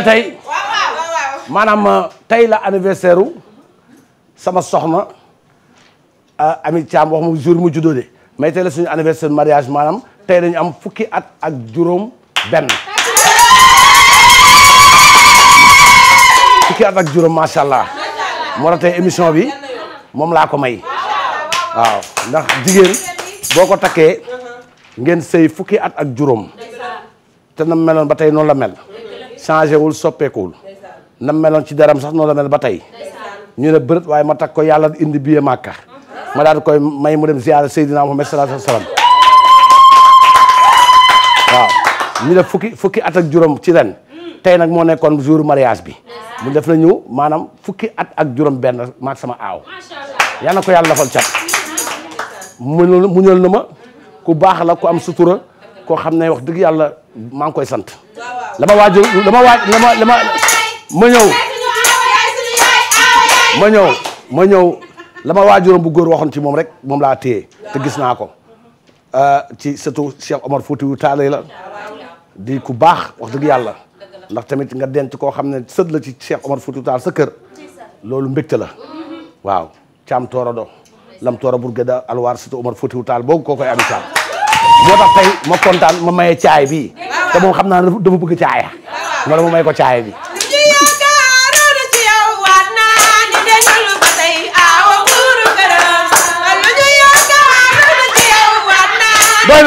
tey tey maanaam euh, tey la anniversaire u sama soxna euh, Ami Thiam wax mu jour mu juddoo de mais tey la suñu anniversaire mariage maanaam tey dañu am fukki at ak juróom benn fukki at ak juróom macha allah moo tax tey émission bi moom laa ko may waaw ndax jigéen boo ko takkee ngeen sëy fukki at ak juróom te na meloon ba tey noonu la mel changé wul soppeekuwul nam meloon ci daram sax noonu la mel ba tey ñu ne bërët waaye ma takk ko yàlla indi biye màkka uh-huh. ma daal koy may mu dem ziyaara Seydina Muhammad sallallahu alayhi waaw ñu ne fukki fukki at ak juróom ci len mm. tey nag moo nekkoon jour mariage bi mu def nañu maanaam fukki at ak juróom benn maag sama aaw yal na ko yàlla defal cat muñal muñal na ma ku baax la ku am sutura koo xam ne wax dëgg yàlla maa ngi koy sant la ma waaj la ma waaj ma ñëw ma ñëw la ma waajuram bu góor waxoon ci moom rek moom laa téye te gis naa ko euh, ci surtout Cheikh Omar Foutiyou Tall la di ku baax wax dëgg yàlla ndax tamit nga denc koo xam ne sët la ci Cheikh Omar Foutiyou taal sa kër loolu mbégte la waaw caam toora do lam toora Bourgueda alwaar surtout Omar Foutiyou Tall boobu koo koy ami caam moo tax tey ma kontaan ma maye caay bii te moom xam naa ne dafa bëgg caaya moo la mu may ko caaya bi doy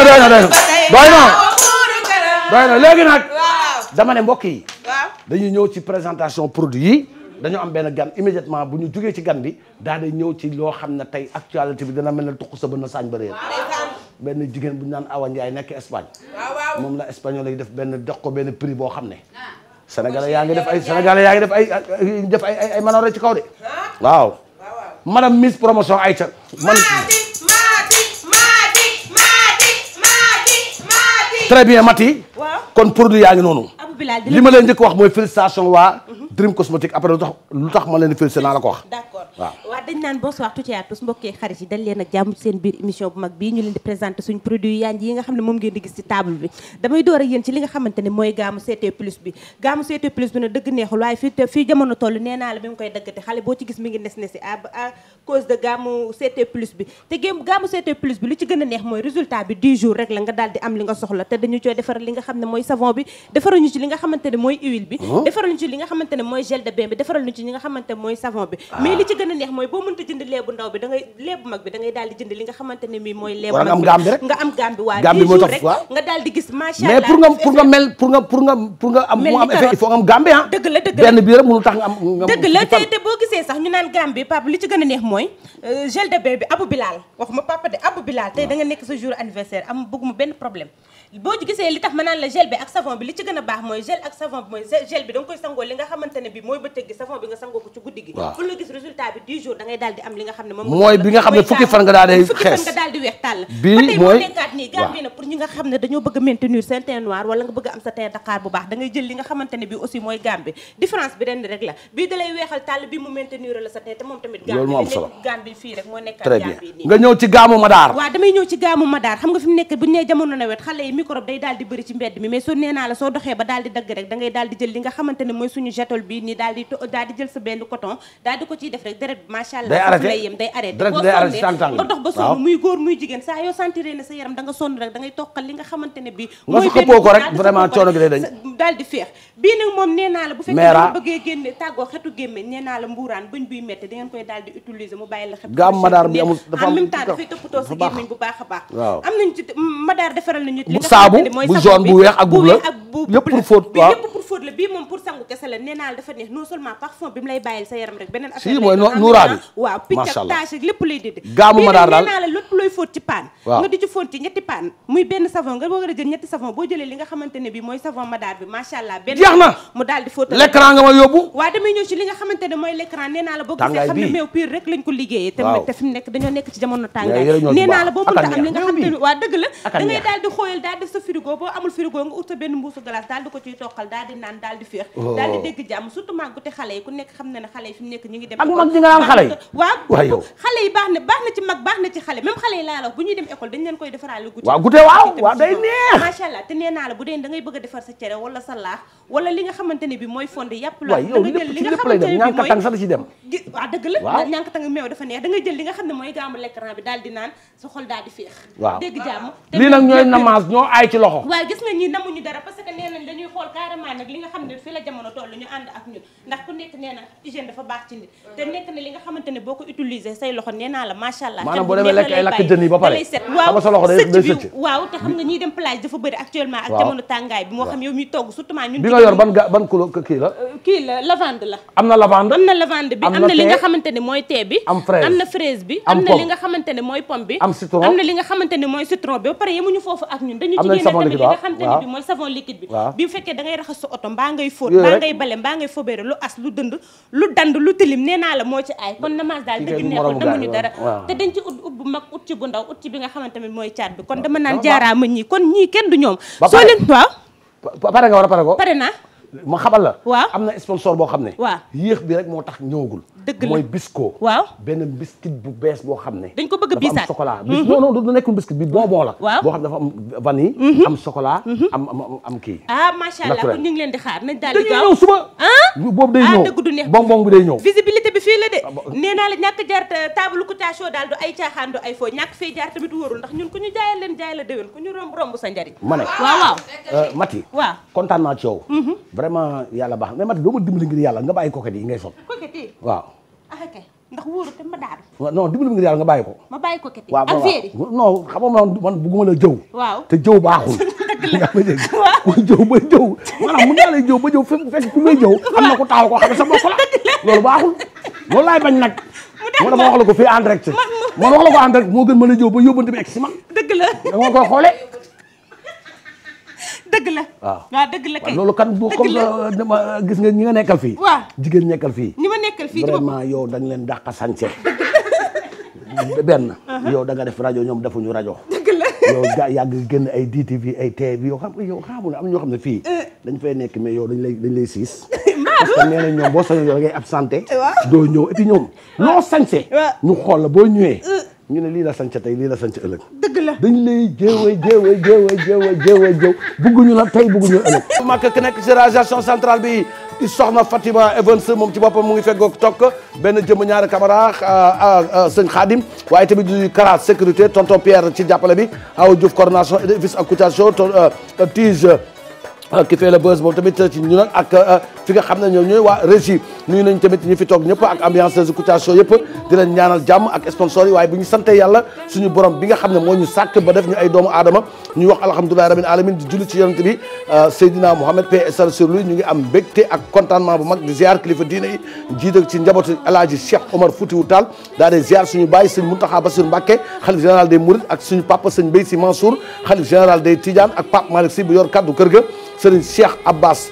dama ne mbokk yi dañuy ñëw ci présentation produit yi dañoo am benn gan immédiatement bu ñu jugee ci gan bi daal di ñëw ci loo xam ne tey actualité bi dana mel ne tuq sa bën saañ ba benn jigéen bu ñu naan Awa Ndiaye nekk Espagne. moom la espagnol yi def benn dox ko benn prix boo xam ne. Ah. Sénégalais yaa ngi def ay Sénégalais yaa ngi def ay def ay ay manoore ci kaw de. waaw. madame Miss promotion Aïcha man. très bien Mati. kon produit yaa ngi noonu. li ma leen njëkk wax mooy félicitation waa Dream Cosmétique après lu tax ma leen di naa la ko wax d'accord waa dañ naan bonsoir tout à tous mbokkee xarit yi dañ leen ak jàmm seen biir émission bu mag bii ñu leen di présenté suñ produit yanj yi nga xam ne mooy gaamu CT plus bi gaamu CT plus bi ne ci gën a neex mooy résultat bi 10 jours rek la nga daal di am li nga soxla te dañu cooy defar li nga xam ne mooy savon bi defaruñu li nga xamante ne mooy huile bi oh. defaral ñu xamante ne mooy gel ñu ci li nga xamante ne mooy savon bi ah. mais li ci gën a neex mooy boo mënta jënd leebu ndaw bi da ngay leebu mag bi da ngay daal di jënd li nga xamante ne mii mooy leebu nga am gaam bi waa gis macha allah mais pour nga mel pour nga am mu am effet il ah. dëgg la dëgg la dëgg la te te boo gisee sax ñu naan gaam papa li ci gën a neex mooy euh, gel de bain bi abu bilaal waxuma papa de abu bilaal tey da nga nekk sa jour anniversaire am bëgguma benn problème boo gisee li tax ma naan la gel bi ak savon bi li ci gën a baax mooy gel ak savon bi mooy gel bi da koy sangoo li nga xamante bi mooy bëccëg di am li nga moom mooy bi bi li nga xamante bi fii rek moo nekkaat gam bi nii nga ñëw ci gaamu madaar waaw damay ñëw ci gaamu madaar xam nga fi mu nekk bu ñu nee jamono nawet xale yi microbe day daal di bëri ci mbedd mi mais soo nee naa la soo doxee ba daal di dagg rek da ngay di jël li nga xamante mooy suñu jetol bi ni daal di daal di jël sa benn coton daal di ko ciy def rek deret bi macha allah lay yem day arrêté boo sonnee nga dox ba sonn muy góor muy jigéen saa yoo sentiré ne sa yaram da nga sonn rek da ngay toqal li nga xamante ne bi mooy ko rek vraiment coono gi day dañ daal di féex bii nag moom nee la bu fekkee da bëggee génne tàggoo xetu gémmeñ nee la mbuuraan bañ buy métti da koy daal utiliser mu bàyyi la xet bu baax a baax waaw am nañ ci madaar defaral nañu li mooy nuuraa bi waaw picc ak tache lépp lay dindi gaamu madaar daal nee la lépp looy fóot ci paan nga di ci fóot ci ñetti paan muy benn savon nga war a jël ñetti savon boo jëlee li nga xamante bi mooy savon madaar bi macha allah jeex na. mu daal di fóotal l'écran nga ma yóbbu. waaw xamante ne mooy naa la boo gisee xam ne meew pur rek lañ ko a am li naan daal di féex oh. daal di dégg jàmm surtout màggute xale yi ku nekk xam na ne xale yi fi nekk ñu ngi dem ak mag ñi nga naan xale yi waaw xale yi baax na baax na ci mag baax na ci xale même xale yi laa la bu ñuy dem école dañ leen koy defaraale gute gute waaw waaw day neex macha allah te nee la bu dee da bëgg a defar sa cere wala sa laax wala li nga xamante bi mooy fondé yàpp la waaw jël li nga xam ne mooy gaamu l'écran bi daal di naan sa xol daal di féex waaw jàmm li nga xam na hygiène dafa baax ci nit te nekk boo ko utiliser say loxo nee la macha allah maanaam boo demee lekk ay lakk jën ba pare waaw te xam nga ñuy dem plage dafa bëri actuellement ak jamono tàngaay bi moo xam yow miy togg surtout ñun yor ban ga ban kilo kii la. Euh, bi am ne mooy thé bi. am fraise am na fraise bi. am na fekkee da ngay raxas sa oto mbaa ngay fóot mbaa ngay bale mbaa ngay fobéere lu as lu dënd lu dand lu tilim nee la moo ci aay kon namas daal dëgg neexul namuñu dara te dañ ci ut ut bu mag ut ci bu ndaw ut ci bi nga xamante ne mooy caat bi kon dama naan jaaraama ñii kon ñii kenn du ñoom soo leen waaw pare nga war a pare ko. ma xamal la. waaw am na sponsor boo xam ne. waaw yéex bi rek moo tax ñëwagul. dëgg la mooy Bisco. waaw benn biscuit bu bees boo xam ne. dañ ko bëgg a biisaat dafa am chocolat. Mhm. non non du nekkul biscuit bi bonbon la. waaw boo xam ne dafa am vanille. Mhm. am chocolat. Mhm. am am am kii. ah macha allah kon ñu ngi leen di xaar nañ daal di gaaw dañuy ñëw suba. ah boobu day ah, ñëw ah dëgg du bi day ñëw. visibilité bi fii la de. Ah, nee naa la ñàkk daal ay caaxaan ay fo ñàkk fee jaar tamit wóorul ndax ñun ku ñu jaayal leen jaay la déwén ku ñu romb romb sa njariñ. ma ne waaw waaw euh, Mati. waaw kontaan naa ci yow vraiment yàlla baax mais man doo ma dimbali ngir yàlla nga bàyyi coquette yi ngay sol. coquette yi waaw. ah ok ndax wóoru te ma daal. non dimbali ngir nga bàyyi ko. ma bàyyi coquette yi ak a yi waaw non xam nga man bëgguma la jëw. waaw nga ma dégg ku jëw ba jëw maanaam mën naa lay jëw ba jëw fekk ku may jëw am na ko taaw koo xam ne sa mbokk la loolu baaxul loolu laay bañ nag moo dama wax la ko fii en direct moo wax la ko en direct moo gën mën a jëw ba yóbbante bi egg si man dëgg la da nga Ah. waaw loolu kan boo kom dama gis nga ñi nga nekkal fii jigéen nekkal fii ñi ma nekkal fii vraiment yow dañ leen dàq sañse benn uh-huh. yow da nga def rajo ñoom defuñu rajo yow ga yàgg génn ay DTV ay TV yow xam yow xamu na am ñoo xam ne fii euh. dañ fay nekk mais yow dañ lay dañ lay siis parce que nee na ñoom boo sañoo yow da ngay absenté doo ñëw et puis ñoom loo sañse ñu xool la boo ñëwee euh. ñu ne lii la sañse tey lii la sañse ëllëg dañ lay jéewa jéewa jéewa jéewa jéewa jéew bugguñu la tey bugguñu la ëllëg màkk centrale bi di soxna Fatima Evans moom ci boppam mu ngi feggoog tokk benn jëm ñaari camara euh, euh, euh, sëñ Khadim waaye tamit di Kara sécurité tonton Pierre ci jàppale bi aw Diouf coordination édifice ak Kouthia Show tige ki ah, fait le buzz moom tamit ci ñu nag ak euh, fi nga xam nañ tamit ñu fi toog ñëpp ak ambiance de Kouthia Show yëpp di leen ñaanal jàmm ak sponsor yi waaye bu ñu sante yàlla suñu borom bi nga xam ne moo ñu sàkk ba def ñu ay doomu aadama ñuy wax alhamdulilahi rabbil alamin di julli ci yonent bi euh, Seydina Mohamed paix s salut sur lui ñu ngi am mbégte ak contentement bu mag di ziar a diine yi jiital ci njabootu El Hadji Cheikh Omar Foutiou Tall daa dee ziar suñu baay sëñ Mountakha Bassirou Mbacké xalif général des Mourides ak suñu papa sëñ Mbaye Sy Mansour xalif général des Tidiane ak Pape Malick Sy yor kaddu kër ga sëriñ Cheikh Abbas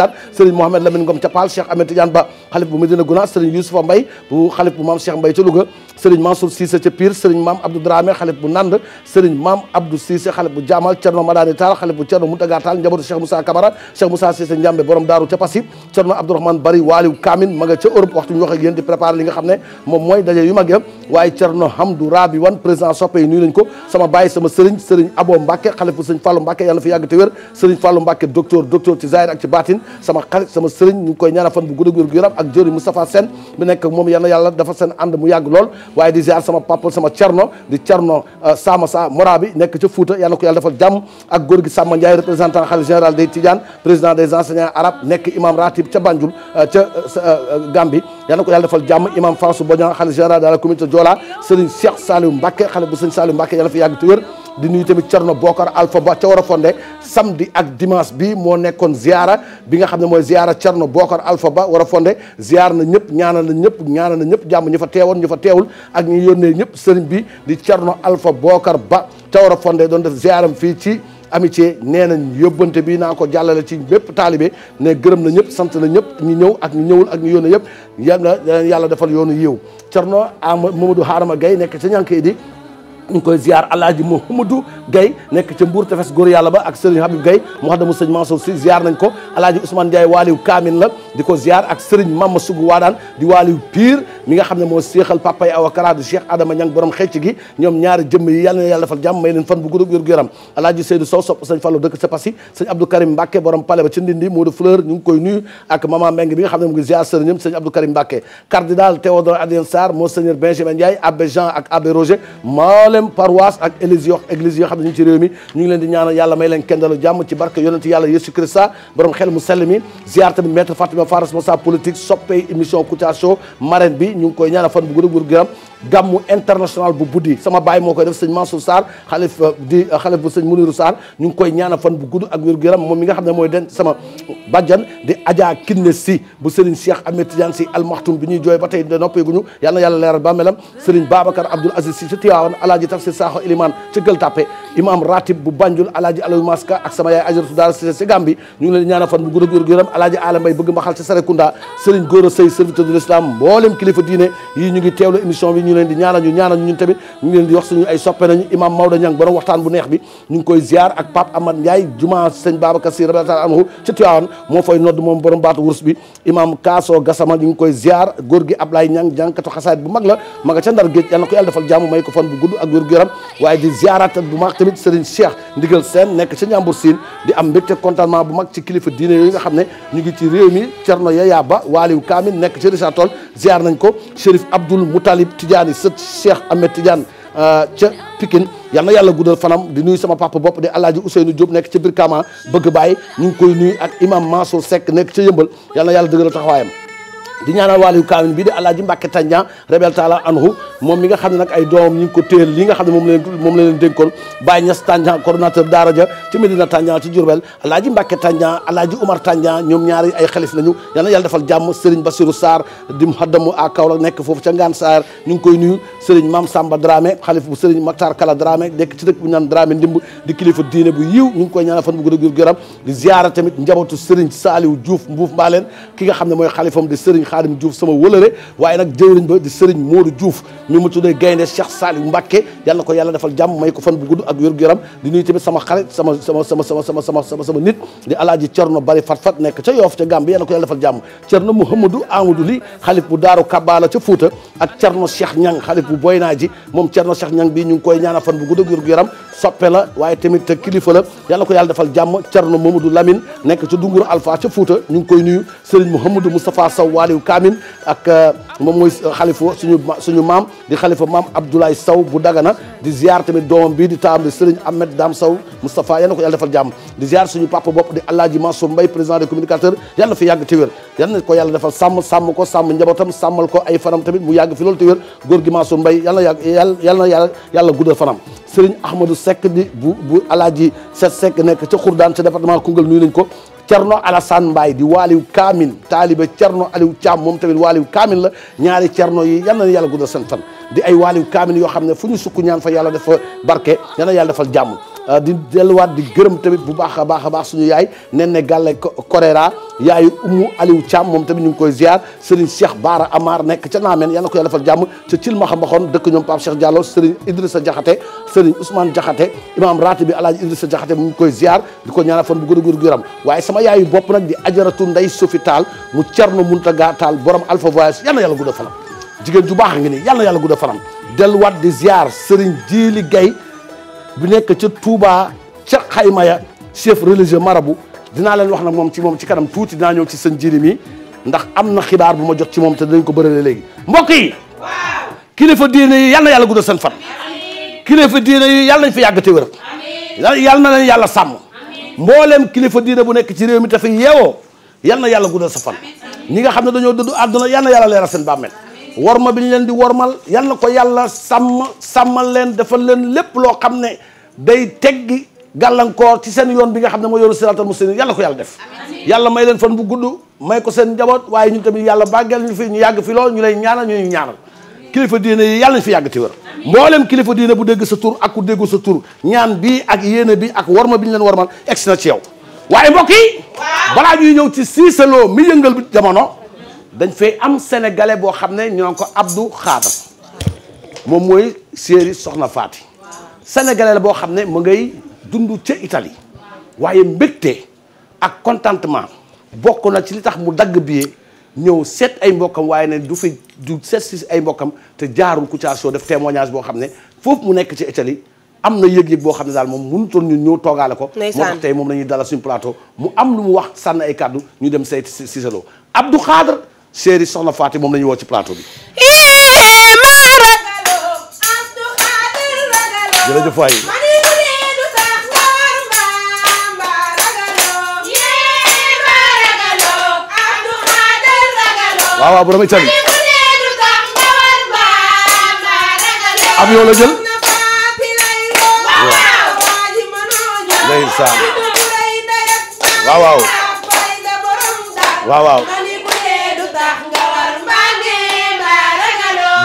ndeysaan sëriñ Mouhamed Lamine Ngom ca Paal Cheikh Ahmed Tidiane Ba xalif bu Medina Gounass sëriñ Youssoufa Mbaye bu xalif bu maam Cheikh Mbaye ca Louga sëriñ Mansour Cissé ca Pire sëriñ maam Abdou Dramé xalif bu Nand sëriñ maam Abdou Cissé xalif bu Jaamal Cerno Madani Taal xalif bu Cerno Muntaga Taal njabootu Cheikh Moussa Camara Cheikh Moussa Cissé Njambe borom daaru ca Passy Cerno Abdourahmane Bari Waaliw Kaamin ma ca Europe waxtu ñu wax ak yéen di xam ne moom mooy daje yu mag waaye Cerno Hamdou Rabi Wan président soppe yi nuyu nañ ko sama bàyyi sama sëriñ sëriñ Abo Mbacke xalif bu sëriñ Fallou Mbacke yàlla na fi yàgg te wér sëriñ Fallou Mbacke docteur docteur ci zahir ak ci baatin yàlla yàlla dafa seen ànd mu lool waaye di ziar sama papa sama cerno di cerno euh, sama sa mora bi nekk ca Fouta yàlla na ko yàlla defal jàmm ak góor gi Samba Ndiaye représentant xalif général des Tidiane président des enseignants arabes nekk imam ratib ca Banjul euh, ca euh, Gambie yàlla na ko yàlla defal jàmm imam Fassou Bodian xalif général de la communauté Diola Serigne Cheikh Saliou Mbacké xalif bu Serigne Saliou Mbacké yàlla fi yàgg te wér di nuyu tamit Cerno Bokar Alpha Ba ca war a fonde samedi ak dimanche bi moo nekkoon ziara bi nga xam ne mooy ziara Cerno Bokar Alpha Ba war a fonde ziar na ñëpp ñaanal na ñëpp ñaanal na ñëpp jàmm ñu fa teewoon ñu fa teewul ak ñu yónnee ñëpp sëriñ bi di Thierno Alpha Bokar Ba Thiawara Fondé doon def ziaram fii ci amitié nee nañ yóbbante bi naa ko jàllale ci bépp taalibe ne gërëm na ñëpp sant na ñëpp ñu ñëw ak ñu ñëwul ak ñu yónnee yëpp yal na yàlla defal yoonu yiw Thierno Ama Mamadou Harama gay nekk ca ñànkee di ñu ngi koy ziar alaaji Mouhamadou Gaye nekk ca Mbour tefes góor yàlla ba ak Serigne Habib Gaye mu wax dama sëñ Mansour si ziar nañ ko alaaji Ousmane Ndiaye waaliw Kaamin la di ko ak Serigne Mama Sugu Waadaan di waaliw Pire mi nga xam ne moo séexal papay Awa Kara di Cheikh Adama Niang borom xecc ñoom ñaari jëmm yi yàlla na yàlla defal jàmm may fan bu gudd wér gu yaram alaaji Seydou Sow sopp sëñ Fallou dëkk sa pasi sëñ Karim Mbacke borom pale ba ci ndindi ñu ngi koy nuyu ak maman Meng bi xam ne mu ngi ziar sëriñam sëñ Abdou Karim Mbacke cardinal Théodore Adrien Sarr monseigneur Benjamin Ndiaye abbé Jean ak abbé Roger maalem paroisse ak église yoo église yoo leen di ñaanal yàlla may leen kendalu jàmm ci xel mu sell ñu ngi koy ñaanal fan bu gudd wér gàmmu international bu buddi sama baay moo koy def sëñ Mansour Sarr xalif euh, di euh, xalif bu sëñ Muniru Sarr ñu ngi koy ñaana fan bu gudd ak wér gu yaram moom mi nga xam ne mooy den sama bàjjan di Adja Kinne si bi ñuy jooy ba tey de noppeeguñu yal na yàlla leeral bàmmeelam Serigne Babacar Abdoul Aziz si ci Tiwaawan bu Banjul alaaji Aliou Maska ak sama yaay Ajaratu Daara Cissé si Gambie ñu Sey serviteur de l'islam kilifa diine yi ñu ngi teewlu émission bi ñu leen di ñaanal ñu ñaanal ñun tamit ñu ngi ma nga ca nekk ca Ñambur Siin di am mbégte contentement bu mag ci kilifa diine yooyu nga xam ne ñu ngi ci réew mi Cerno Yaya Ba Waaliw Kaamil nekk ci Richard Toll ziar nañ ko Chérif Abdoul Moutalib Tidiane Tidiane sët Cheikh Ahmed Tidiane euh, ca Pikine yal na yàlla guddal fanam di nuyu sama papa bopp di El Hadj Ousseynou Diop nekk ca biir Kama bëgg baay ñu ngi koy nuyu ak imam Mansour sekk nekk ca yëmbal yal na yàlla dëgëral taxawaayam. di ñaanal waaliyu kaamil bi di alaaji mbàkke tandian rebel taala anhu moom mi nga xam ne nag ay doom ñu ngi ko téel li nga xam ne moom leen moom la leen dénkoon Baye Niass tandian coordonnateur daara ja ci Medina tandian ci Diourbel alaaji mbàkke tandian alaaji oumar tandian ñoom ñaari ay xalif lañu yal na yàlla defal jàmm seriñ Bassirou Sarr di muhaddamu à Kaolack nekk foofu ca Ngaan Sarr ñu ngi koy nuyu Serigne Mame Samba Dramé xalif bu Serigne Mactar Kala Dramé nekk ci dëkk bu ñaan Dramé ndimb di kilifa diine bu yiw ñu ngi koy ñaanal fan bu gudd ak yaram di ziara tamit njabootu Serigne Saliou Diouf Mbuuf ki nga xam ne mooy xalifam di Serigne Xaadim Diouf sama wëlëre waaye nag jëwriñ ba di sëriñ Modou Diouf mi mu tuddee gaynde Cheikh Saliou Mbacké yal na ko yàlla defal jàmm may ko fan bu gudd ak wér-gu-yaram di nuyu tamit sama xarit sama sama sama sama sama sama sama sama nit di alaaji Cerno Bari Fat Fat nekk ca Yoof ca Gàmbi yal na ko yàlla defal jàmm Cerno Mouhamadou Amadou Li xalif bu Daaru Kabaala ca Fuuta ak Cerno Cheikh Ñang la waaye tamit kilifa la yal ko yàlla defal nekk ca Dunguru Alpha ca Fuuta ñu koy nuyu sëriñ Mouhamadou Moustapha Saw Kaamil ak euh, moom mooy xalifa suñu suñu maam di xalifa maam Abdoulaye Sow bu Dagana di ziar tamit doomam bii di taam bi Serigne Ahmed Dame Sow Moustapha yal na ko yàlla defal jàmm di ziar suñu papa bopp di Alaaji Mansour Mbaye président des communicateurs yal na fi yàgg te wér yal na ko yàlla defal sàmm sàmm ko sàmm njabootam sàmmal ko ay fanam tamit mu yàgg fi loolu te wér góor gi Mansour Mbaye yal na yàgg yal na yàlla yàlla guddal fanam Serigne Ahmadou Seck di bu bu Alaaji Set Seck nekk ca Khourdan ca département Koungheul nuyu nañ ko Cerno Alassane Mbaye di waaliw Kaamin taaliba Cerno Aliou Thiam moom tamit waaliw Kaamin la ñaari cerno yi yal na yàlla guddal seen fan di ay waaliw Kaamin yoo xam ne fu ñu sukk ñaan fa yàlla dafa barke yal na yàlla defal jàmm Euh, di delluwaat di gërëm tamit bu baax a baax baax suñu yaay nen ne gàlle koréra yaayu umu Aliou Thiam moom tamit ñu ngi koy ziar Serigne Cheikh Baara Amar nekk ca naameen yal na ko jàmm ca cil ma dëkk ñoom Pape Cheikh Diallo Serigne Idrissa Diakhaté Serigne Ousmane Diakhaté imam raati bi Alaaji Idrissa Diakhaté mu ngi koy ziar di ko ñaanal fan bu gën a gu yaram waaye sama yaayu bopp nag di ajaratu nday Sofi Taal mu Cerno Muntaga Taal borom Alpha Voyage yal na yàlla gudda fanam jigéen ju baax ngi ni yal na yàlla gudda fanam delluwaat di ziar Serigne Djili Gueye bu nekk ca Touba ca xayma ya chef mara bu dinaa leen wax nag moom ci moom ci kanam tuuti dinaa ñëw ci seen jiri mi ndax am na xibaar bu ma jot ci moom te dañ ko bërale léegi mbokk yi kilifa diine yi yal na yàlla guddal seen fan kilifa diine yi yal nañ fi yàgg na leen yàlla sàmm mbooleem kilifa diine bu nekk ci réew mi te fi yeewoo yal na yàlla guddal sa fan ñi nga xam ne dañoo dëddu àdduna yal na yàlla leeral seen bàmmeel worma bi ñu leen di wormal yal na ko yàlla sàmm sàmmal leen defal leen lépp loo xam ne day teggi gàllankoor ci seen yoon bi nga xam ne mooy yoonu siraatal mustaqim yàlla ko yàlla def yàlla may leen fan bu gudd may ko seen njaboot waaye ñun tamit yàlla bàggeel ñu fi ñu yàgg fi lool ñu lay ñaanal ñu ñaanal kilifa diine yi yàlla ñu fi yàgg ti wér mboolem kilifa diine bu dégg sa tur ak ku déggu sa tur ñaan bi ak yéene bi ak warma bi ñu leen warmal egsi na ci yow waaye mbokk yi balaa ñuy ñëw ci Cissé Lô dañ fay am sénégalais boo xam ne ñoo ko Abdou Khadre moom mooy séeri soxna Faati sénégalais la boo xam ne mu ngay dund ca Italie waaye mbëgte ak contentement bokk na ci li tax mu dagg billet ñëw seet ay mbokkam waaye ne du fi du seet si ay mbokkam te jaarul Kouthia Show def témoignage boo xam ne foofu mu nekk ci Italie am na yëg-yëg boo xam ne daal moom mënutoon ñun ñëw toogaale ko moo tax tey moom la ñuy dalal suñu plateau mu am lu mu wax sànn ay kàddu ñu dem seet si Cissé séeri soxna Faati moom la ñu woo ci plateau bi. jërëjëf waay. waaw waaw bu demee Thiel. avion la jël. waaw. ndeysaan. waaw waaw. waaw waaw.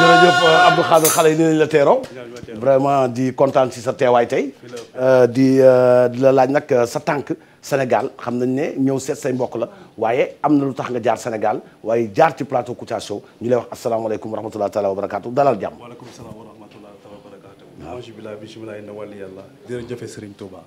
jërëjëf euh, Abdou Khadir xale yi la teeroo vraiment di kontaan si sa teewaay tey euh, di euh, di la laaj nag sa tànk Sénégal xam nañ ne ñëw seet say mbokk la waaye am na lu tax nga jaar Sénégal waaye jaar ci plateau Kouthia Show ñu lay wax asalaamaaleykum wa rahmatulah taalaa wa barakaatu dalal jàmm. waaleykum salaam wa rahmatulah wa barakaatu. waaw alhamdulilah bisimilah inna wali yàlla. jërëjëf Serigne Touba.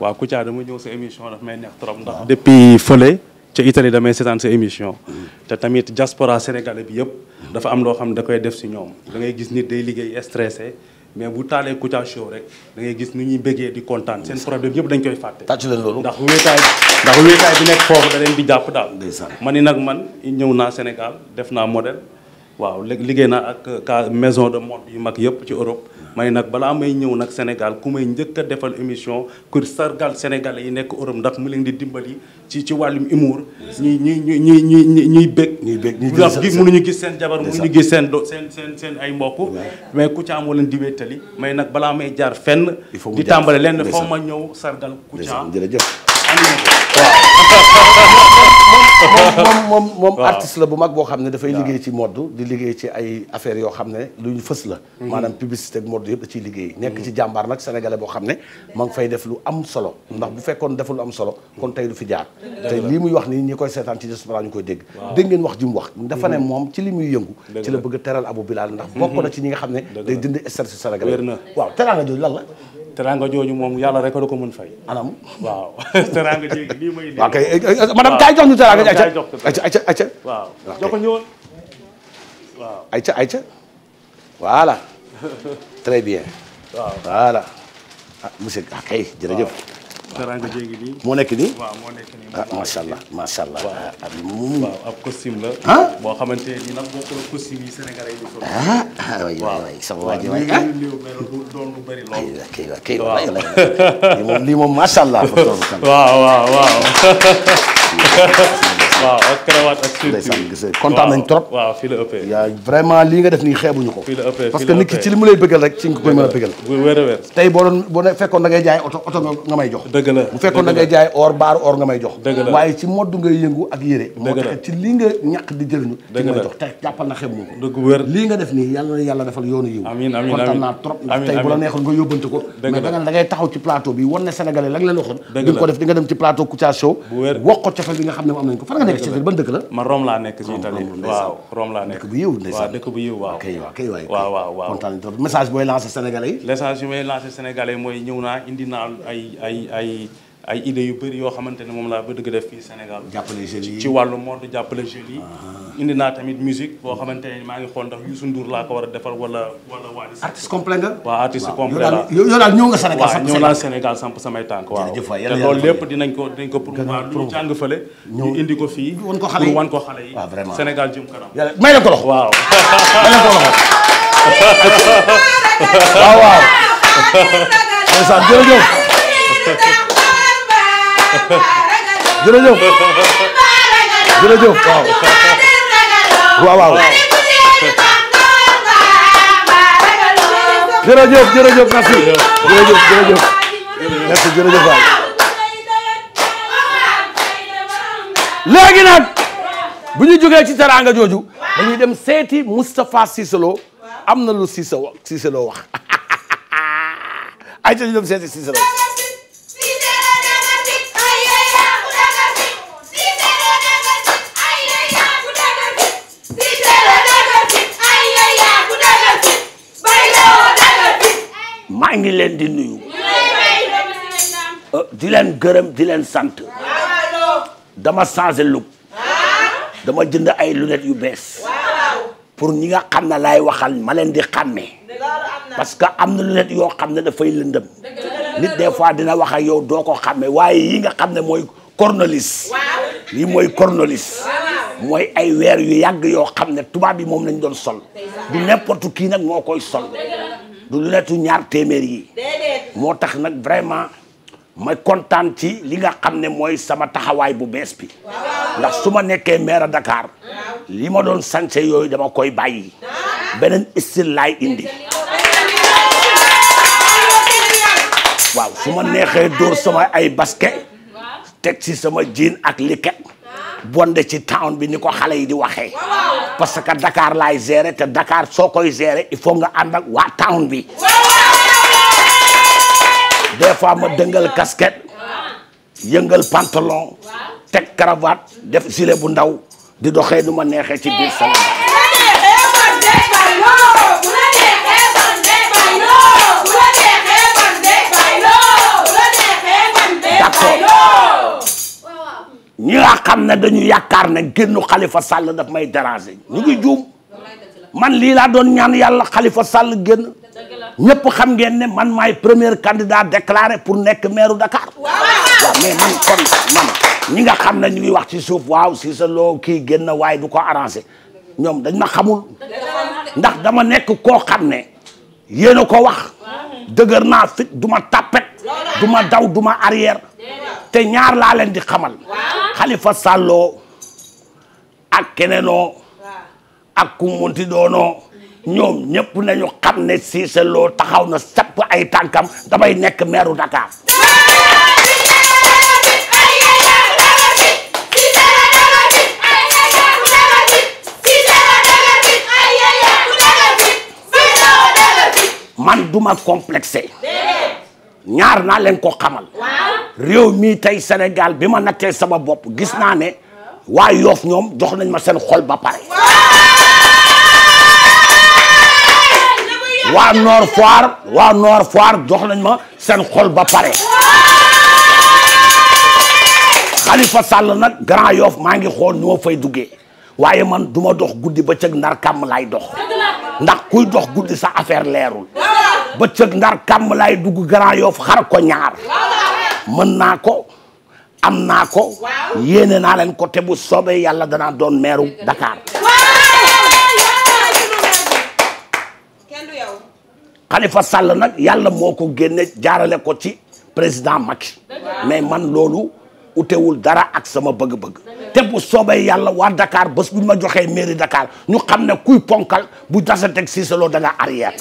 waaw Kouthia dama ñëw sa émission daf may neex trop ndax. depuis fële. ce Italie damay seetaan sa émission te tamit diaspora sénégalais bi yëpp dafa am loo xam ne da koy def si ñoom da ngay gis nit day liggéey stressé mais bu taalee Kouthia rek dangay gis nu ñuy bëggee di kontaan seen problème yëpp dañ koy fàtte. tàcc leen loolu ndax wéetaay ndax wéetaay bi nekk foofu da leen di jàpp daal. ma ni nag man ñëw naa Sénégal def naa modèle waaw léegi liggéey naa ak maison de mode yu mag yëpp ci Europe. may nag balaa may ñëw nag Sénégal ku may njëkk a defal émission kur sargal sénégalais yi nekk Europe ndax mu leen di dimbali ci ci wàllum humour ñuy ñuy ñu ñuy ñu ñuy bëgg. ñuy bëgg ñuy gis mënuñu gis seen jabar mënuñu gis seen do seen seen seen ay mbokk. mais Kouthia moo leen di wéttali may nag balaa may jaar fenn. di tàmbale lenn foo ma ñëw sargal Kouthia. jërëjëf waaw. moom moom moom artiste la bu mag boo xam ne dafay liggéey ci modd di liggéey ci ay affaires yoo xam ne luñ fës la mhm. maanaam publicité ak modd yëpp da ciy liggéey nekk ci mhm. jàmbaar nag sénégalais boo xam ne ma ngi fay def lu am solo mhm. ndax bu fekkoon def lu am solo kon tey lu fi jaar tey lii muy wax nii ñi koy seetaan ci diaspora ñu koy dégg dégg wax ji mu wax dafa ne moom ci li muy yëngu ci la bëgg teral Abou Bilal ndax bokk na ci ñi nga xam ne day dindi stress sénégalais waaw teraanga jooju lan la teranga jooju moom yàlla rek la ko mën fay. anam waaw. teranga jooju lii may. waaw kay eh, eh, madame kaay jox ñu teranga ji ayca ayca waaw jox bien. waaw voilà ah monsieur teraanga jee ngi nii. moo nekk nii. waaw moo nekk nii ah macha allah macha allah. waaw ab ah, ah, moom ab costume la. ah boo xamante ni nag bokkul costume yi sénégalais yi. ah ah waay waay sama waa ji waay ah waaw lii doon lu bëri lool. kii la kii la kii la lii moom macha allah. waaw waaw waaw. waaw ak cravate ak ndeysaan gis nga kontaan nañ trop waaw fii la ëppee yaa vraiment lii nga def nii xeebuñu ko parce que nit ci li mu lay bëggal rek ci nga koy mën a bëggal wér a boo def nii yàlla defal yoonu yiw amiin trop ndax tey bu la neexoon nga yóbbante ko mais da nga da ci plateau bi wan ne sénégalais la nga leen nga ko def di dem ci plateau Kouthia Show wax ko cofeel bi nga xam ne am nañ ko nga nekk ci Italie ban dëkk la. man Rome laa nekk ci Italie waaw Rome laa nekk. dëkk bu yiw ndeysaan waaw dëkk bu yiw waaw. mooy ñëw naa indi naa ay ay ay ay idées yu bëri yoo xamante ne moom laa ba dëgg def fii Sénégal. jàppale jeunes yi ci wàllu mode jàppale jeunes yi. indi naa tamit musique boo xamante maa ngi xool ndax Youssou Ndour laa ko war a defar wala wala Wally. complet nga. waaw artiste complet la yow daal ñëw nga Sénégal samp ñëw naa Sénégal samp samay tànk waaw. jërëjëf waay te loolu lépp dinañ ko dinañ ko promouvoir lu jàng fële. ñu indi ko fii wan wan ko xale yi. Sénégal jëm kanam. may leen ko jërëjëf jërëjëf waaw waaw waaw jërëjëf nag bu ñu jógee ci teraanga jooju dañuy dem seeti Moustapha Cissé Lo am na lu Cissé wax wax ay ta ñu dem seeti Cissé maa ngi leen di nuyu euh, di leen gërëm di leen sant dama changé look dama jënd ay lunettes yu bees pour ñi nga xam ne lay waxal ma leen di xàmme parce que am na lunette yoo xam ne dafay lëndëm nit des fois dina wax ak yow doo ko xàmmee waaye yi nga xam ne mooy cornolis yi mooy cornolis mooy ay weer yu yàgg yoo xam ne tubaab yi moom lañ doon sol du n'importe kii nag moo koy sol du lunette ñaar téeméer yi. moo tax nag vraiment ma kontaan ci li nga xam ne mooy sama taxawaay bu bees bi. ndax su ma nekkee maire dakaar li ma doon sance yooyu dama koy bàyyi beneen style laay indi. waaw su ma neexee dóor sama ay baske teg ci sama jiin ak liket bonde ci town bi ni ko xale yi di waxee parce que dakaar laay gérer te Dakar soo koy gérer il faut nga ànd ak waa town bi des fois ma dëngal casquette yëngal pantalon teg cravate def gilet bu ndaw di doxe nu ma neexee ci biir salon ñi nga xam ne dañu yaakaar ne génnu Khalifa Sall daf may déranger ñu ngi juum man lii laa doon ñaan yàlla Khalifa Sall génn ñëpp xam ngeen ne man may premier candidat déclaré pour nekk meeru Dakar ñi nga xam ne ñu ngi wax ci suuf waaw si sa loo kii génn waaye du ko arrangé ñoom dañ na xamul ndax dama nekk koo xam ne yéen a ko wax dëgër naa fit du ma tapet du ma daw du ma arrier te ñaar laa leen di xamal Khalifa Salloo ak keneenoo ak ku munti doonoo ñoom ñëpp nañu xam ne Cissé taxaw na sapp ay tànkam damay nekk meeru Dakar man duma complexé ñaar naa leen ko xamal réew mii tey Sénégal bi ma nattee sama bopp gis naa ne waa yoof ñoom jox nañ ma seen xol ba pare. waa Nord Foire waa jox nañ ma seen xol ba pare. Khalifa Sall nag Grand Yoff maa ngi xool nu fay duggee waaye man duma dox guddi bëccëg ndar kàmm laay dox ndax kuy dox guddi sa affaire leerul bëccëg ndar kàmm laay dugg Grand Yoff xar ko ñaar. mën naa ko am naa ko yéene naa leen ko te bu soobee yàlla danaa doon meeru Dakar Khalifa Sall nag yàlla moo ko génne jaarale ko ci président Macky mais man loolu utewul dara ak sama bëgg-bëgg te bu soobee yàlla waa Dakar bés bu ñu ma joxee mairie Dakar ñu xam ne kuy ponkal bu dasanteg Cissé Lo da nga arrière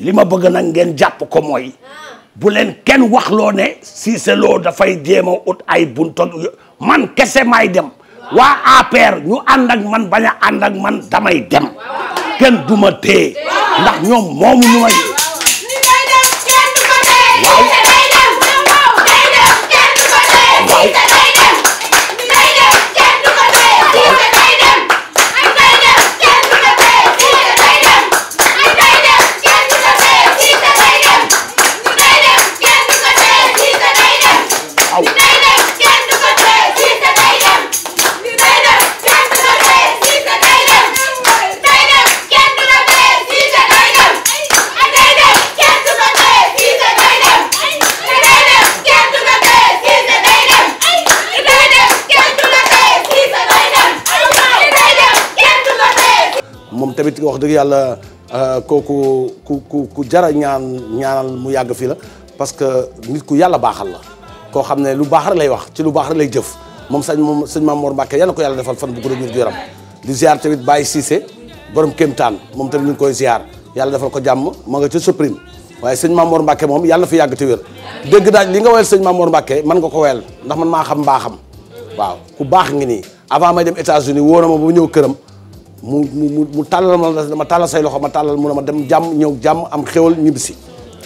li ma bëgg nag ngeen jàpp ko mooy bu leen kenn wax loo ne Cissé dafay jéem a ut ay bunton man kese may dem waa APR ñu ànd ak man bañ a man damay dem kenn du ma téye ñoom moomu ñu tamit wax dëgg yàlla euh, kooku ku ku ku jara ñaan ñaanal mu yàgg fi la parce que nit ku yàlla baaxal la koo xam ne lu baax rek lay wax ci lu baax rek lay jëf moom sañ moom sëñ Maam Mor Mbàkke yal na ko yàlla defal fan bu gën a wér gu yaram di ziar tamit moom tamit ñu ngi koy ziar yàlla defal ko jàmm ma nga ca suprime waaye sëñ Maam Mor Mbàkke moom yàlla fi yàgg te wér dégg naa li nga woyal sëñ Maam Mor Mbàkke man nga ko woyal ndax man maa xam mbaaxam waaw ku baax ngi nii avant may dem États-Unis woo na ma ba ñëw mu mu mu tàllal ma ma tàllal say loxo ma tàllal mu ne ma dem jàmm ñëw jàmm am xéwal ñibbisi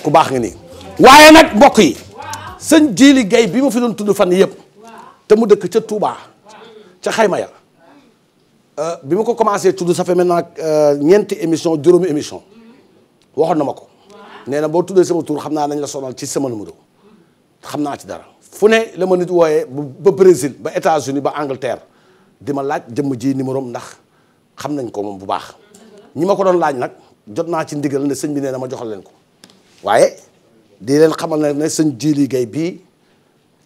ku baax nga nii. waaye nag mbokk yi sëñ Jili Gay bi ma fi doon tudd fan yëpp te mu dëkk ca Touba ca xayma ya euh, bi ma ko commencé tudd ça fait maintenant euh, ñeenti émission juróomi émission waxoon na ma ko nee na boo tuddee sama tur xam naa nañ la sonal ci sama numéro xam naa ci dara fu ne la ma nit wooyee ba Brésil ba États-Unis ba Angleterre di ma laaj jëmm ji numéro ndax. xam nañ ko moom bu baax ñi ma ko doon laaj nag jot naa ci ndigal ne sëñ bi nee na ma joxal leen ko waaye di leen xamal ne sëñ Jili Gaye bii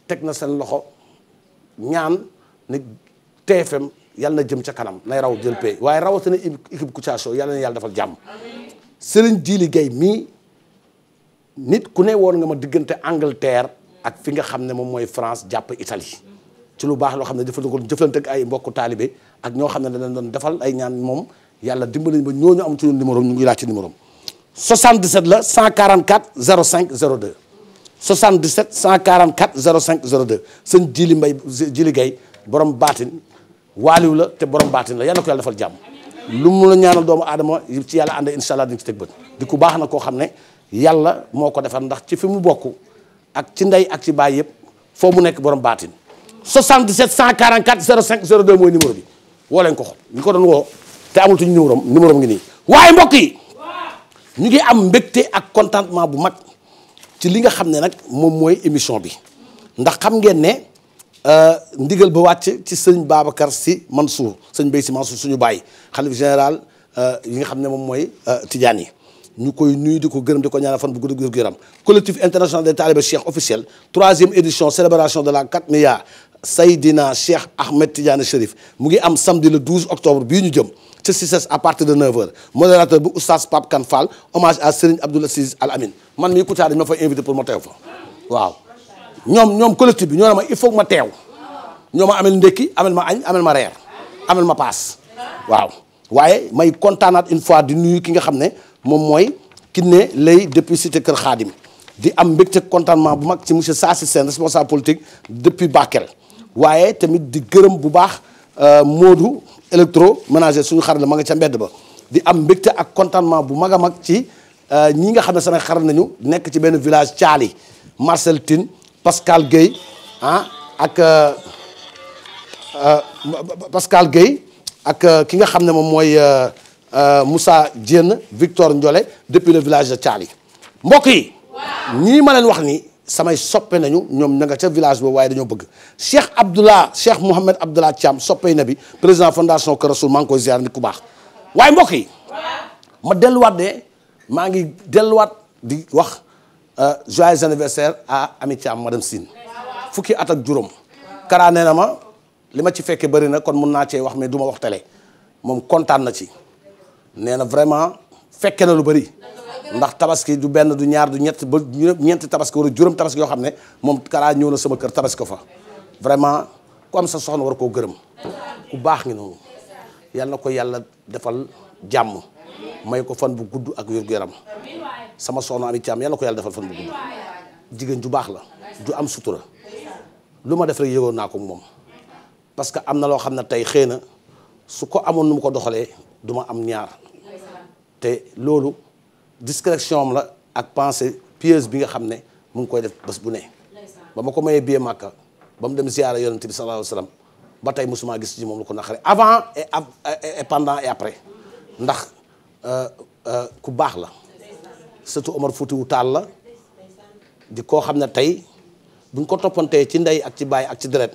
teg na seen loxo ñaan ne TFM yàlla na jëm ca kanam nay raw jël pay waaye rawatina équipe Kouthia Show yàlla na yàlla defal jàmm sëriñ Jili Gaye mii nit ku ne woon nga ma diggante Angleterre ak fi nga xam ne moom mooy France jàpp Italie ci lu baax loo xam ne dafa doon jëflante ak ay mbokku taalibe ak ñoo xam ne dañ doon defal ay ñaan moom yàlla dimbali ba ñooñu am ci numéro ñu ngi laaj ci numéro 77 la 144 05 02 77 144 05 02 sëñ Jili Mbay Jili Gay borom baatin waaliw la te borom baatin la yàlla ko yàlla defal jàmm lu mu la ñaanal doomu aadama ci yàlla ànd incha allah di ci teg di ku baax na koo xam ne yàlla moo ko defal ndax ci fi mu bokk ak ci ndey ak ci baay yëpp foo mu nekk borom baatin 77 144 05 02 mooy numéro bi woo leen ko ñu ko doon woo te amul suñu numéro numéro ngi nii. waaye mbokk yi ñu ngi am mbégte ak contentement bu mag ci li nga xam ne nag moom mooy émission bi ndax xam ngeen ne euh, ndigal ba wàcc ci sëñ Babacar si Mansour sëñ Bay Sy Mansour suñu bàyyi xalif général euh, yi nga xam ne moom mooy euh, tijaan yi. ñu koy nuyu di ko gërëm di ko ñaanal fan bu gudd gu yaram collectif international des talibé cheikh officiel troisième édition célébration de la 4 Seydina Cheikh Ahmed Tidiane Chérif mu ngi am samedi le 12 octobre bii ñu jëm ca CICES à partir de 9h modérateur bu oustaz Pape Kane Fall hommage à Serigne Abdoul Aziz Al Amin man mii Kouthia dañ ma fa invité pour ma teew ñoom ñoom collectif bi ñoo ne ma il faut ma teew ñoo amel ndékki amel ma añ ameel ma reer amel ma paas waaw waaye may kontaanaat une fois di nuyu ki nga xam ne moom mooy ki ne lay depuis cité Kër Xaadim di am mbégte contentement bu mag ci monsieur Sassi Sène responsable politique depuis Bakel. waaye tamit di gërëm bu baax électro euh, électroménager suñu xarala ma nga ca mbedd ba di am mbégte ak contentement bu mag a mag ci euh, ñi nga xam ne sama xaral nañu nekk ci benn village Thiali Marcel Tine Pascal Gueye ah ak euh, Pascal Gueye ak ki nga xam ne moom mooy Moussa Diène Victor njole depuis le village de Thiali mbokk yi ñii ma leen wax nii samay soppe nañu ñoom ña nga ca village boobu waaye dañoo bëgg Cheikh Abdoulah Cheikh Mouhamed Abdoulah Thiam soppey na bi président fondation Kër Rasul maa ngi koy ziar nit ku baax waaye mbokk yi ma delluwaat de maa ngi delluwaat di wax euh, joyeux anniversaire à Ami Thiam madame Sine fukki at ak juróom karaa nee na ma li ma ci fekkee bëri na kon mun naa cee wax mais du ma wax télé moom kontaan na ci nee na vraiment fekke na lu bëri ndax tabaski du benn du ñaar du ñett ba ñeenti tabaski wala juróom tabaski yoo xam ne moom karaa ñëw na sama kër tabaski ko fa vraiment ku am sa soxna war koo gërëm ku baax ngi noonu yal na ko yàlla defal jàmm may ko fan bu gudd ak wér-gu-yaram sama soxna Ami Thiam yal na ko yàlla defal fan bu gudd jigéen ju baax la ju am sutura lu ma def rek yëgoon naa ko moom parce que am na loo xam ne tey xëy na su ko amoon nu mu ko doxalee du ma am ñaar te loolu discrétion am la ak pensée pieuse bi nga xam ne mu ngi koy def bés bu ne ba ma ko mayee biyee màkka ba mu dem ziyaara yonent bi sallallahu alayhi wa sallam ba tey musuma gis ci moom lu ko naqari avant et et pendant et après ndax euh, euh, ku baax la surtout Omar wu taal la di koo xam ne tey buñ ko toppantee ci ndey ak ci baay ak ci deret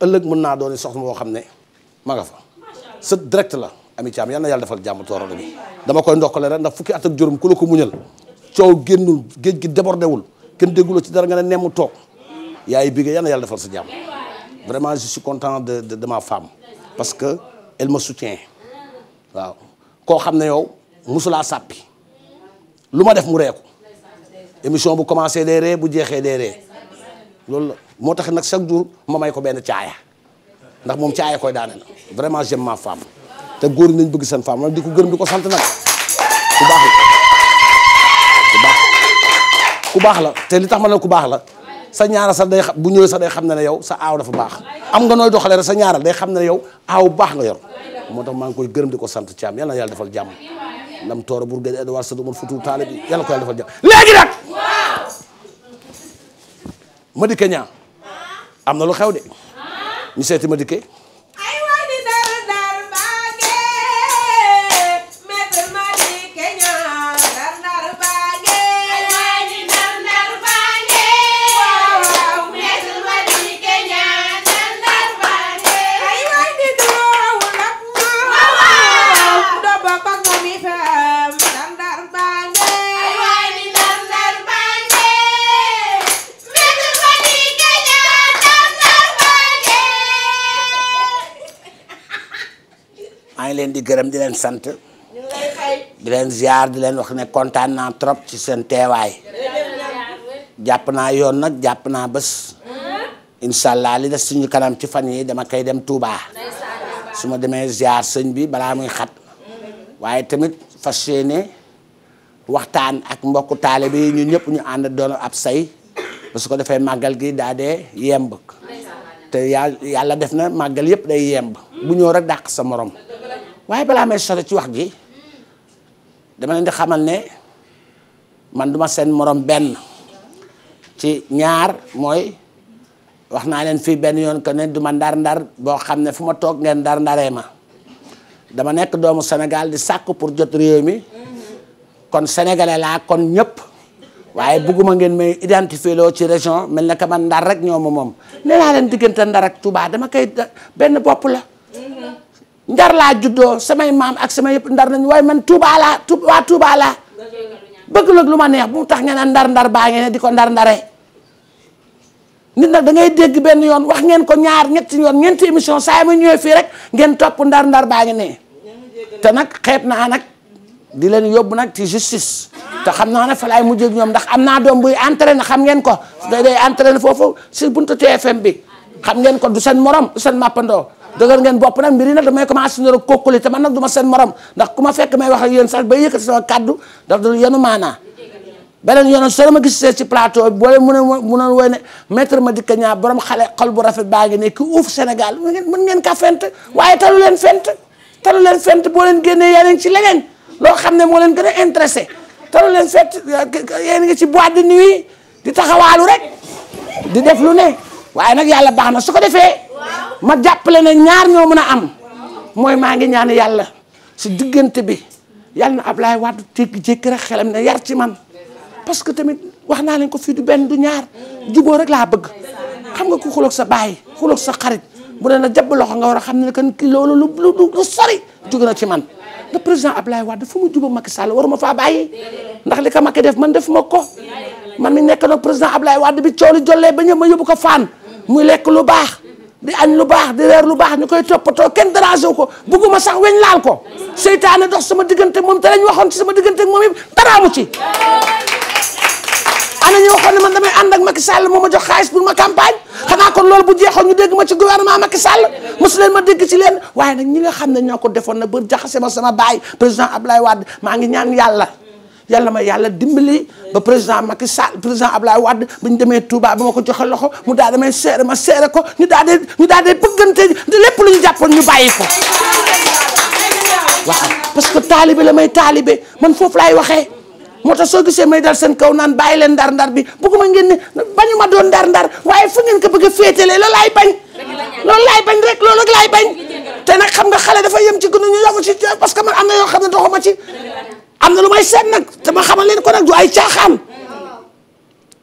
ëllëg mën naa doon soxna moo xam ne ma fa sët direct la Ami Thiam yal na yàlla defal jàmm toorale bi dama koy ndokkale rek ndax fukki at ak juróom ku la ko muñal coow génnul géej gi débordé wul kenn dégguloo ci dara nga ne nemm toog yaay bigge yàlla na yàlla defal sa jàmm vraiment je suis content de de de ma parce que elle me soutient waaw koo xam ne yow musulaa sàppi lu ma def mu reeku émission bu commencé day ree bu jeexee day ree loolu la moo tax nag chaque jour ma may ko benn caaya ndax moom caaya koy daane na vraiment ma femme te góor ñi nañ bëgg seen femme di ko gërëm di ko sant nag ku baax la ku baax la te li tax ma ne ku baax la sa ñaara sax day bu ñëwee sax day xam ne ne yow sa aaw dafa baax am nga nooy doxalee rek sa ñaaral day xam ne yow aaw baax nga yor moo tax maa ngi koy gërëm di ko sant Thiam yal na yàlla defal jàmm ndam toora bur gën Edouard sa Oumar Foutou Tall bi yàlla ko yàlla defal jàmm léegi nag Madické Niang am na lu xew de ñu seeti Madické di gërëm di leen sant di leen ziar di leen wax ne kontaan naa trop ci seen teewaay jàpp naa yoon nag jàpp naa bés incha allah li des suñu kanam ci fan yi dama koy dem Touba su ma demee ziar sëñ bi balaa muy xat waaye tamit fas yéene waxtaan ak mbokku taale bi ñu ñëpp ñu ànd doon ab say ba su ko defee màggal gi daa dee yemb te yàlla def na màggal yëpp day yemb bu ñëw rek dàq sa morom waaye balaa may sore ci wax ji dama leen di xamal ne man duma seen moroom benn ci ñaar mooy wax naa leen fii benn yoon que ne duma ndar-ndar boo xam ne fu ma toog ngeen ndar-ndaree ma dama nekk doomu senegal di sàkk pour jot réew mi kon sénégalais kon ñëpp waaye bugguma ngeen may identifié loo ci région mel na ka man ndar rek ñoom moom nee naa leen diggante ndar ak Touba dama koy benn bopp la. ndar laa juddoo samay maam ak sama yëpp ndar nañu waaye man tuubala laa waa Touba laa bëgg nag lu ma neex bu mu tax ngeen ndar ndar baa ngeen di ko ndar ndaree nit nag da ngay dégg benn yoon wax ngeen ko ñaar ñetti yoon ñeenti émission saa yi ma ñëwee fii rek ngeen topp ndar ndar baa ngi ne te nag xeeb naa nag di leen yóbbu nag ci justice te xam naa ne fa laay mujjee ñoom ndax am naa doom buy entraîné xam ngeen ko day day entraîné foofu si buntu TFM bi xam ngeen ko morom du seen dëgër ngeen bopp na mbir yi nag damay commencé nora kokkuli te man nag du ma seen morom ndax ku ma fekk may wax ak yéen sax bay yëkkati sama kaddu ndax du yenu maanaa beneen yoon soo ma gisee ci plateau bi boole mu ne mu noon woy ne maître Madické Niang borom xale xol bu rafet ki uuf Sénégal mën ngeen ka fent waaye talu leen fent talu leen fent boo leen génnee yéen ci leneen loo xam ne moo leen gën a intéressé talu leen fent yéen si ci boîte de nuit di taxawaalu rek di def lu ne waaye nag yàlla baax na su ko defee ma jàppale ne ñaar ñoo mën a am mooy maa ngi ñaan yàlla si diggante bi yàlla na ab Ablaye Wade jékki-jékki rek xelam na yar ci man parce que tamit wax naa leen ko fii du benn du ñaar juboo rek laa bëgg xam nga ku xuloog sa baay xuloog sa xarit bu dee na jàpp loxo nga war a xam ne kan ki loolu lu lu lu sori jóge na ci man le président Ablaye Wade fu mu juba Macky Sall ma faa bàyyi ndax li ko Macky def man def ma ko man mi nekk na président Ablaye Wade bi coolu jollee ba ñëw ma yóbbu ko faan muy lekk lu baax di añ lu baax di reer lu baax ñu koy toppatoo kenn dérangé wu ko bugguma sax weñ laal ko seytaane dox sama diggante moom te lañ waxoon ci sama diggante moom yëpp daraamu ci ana ñu waxoon ne man damay ànd ak Macky Sall moo ma jox xaalis pour ma campagne xanaa ko loolu bu jeexoon ñu dégg ma ci gouvernement Macky Sall mosu leen ma dégg si leen waaye nag ñi nga xam ne ñoo ko defoon na ba jaxase ma sama baay président Abdoulaye Wade maa ngi ñaan yàlla yàlla ma yàlla dimbali ba président Macky Sall président Ablaye Wade ñu demee Touba ba ma ko joxe loxo mu daal damay seere ma seere ko ñu daal di ñu daal di lépp lu ñu jàppoon ñu bàyyi ko waaw parce que taalibe la may taalibe man foofu laay waxee moo tax soo gisee may dal seen kaw naan bàyyi leen dar ndar bi bëgguma ngeen ne bañu doon ndar dar waaye fu ngeen ko bëgg a féetalee loolu laay bañ loolu laay bañ rek te nag xam nga xale dafa yem ci a ñu yofu ci parce que man am na yoo xam ne am na lu may seet nag ta ma xamal leen ko nag du ay caaxaan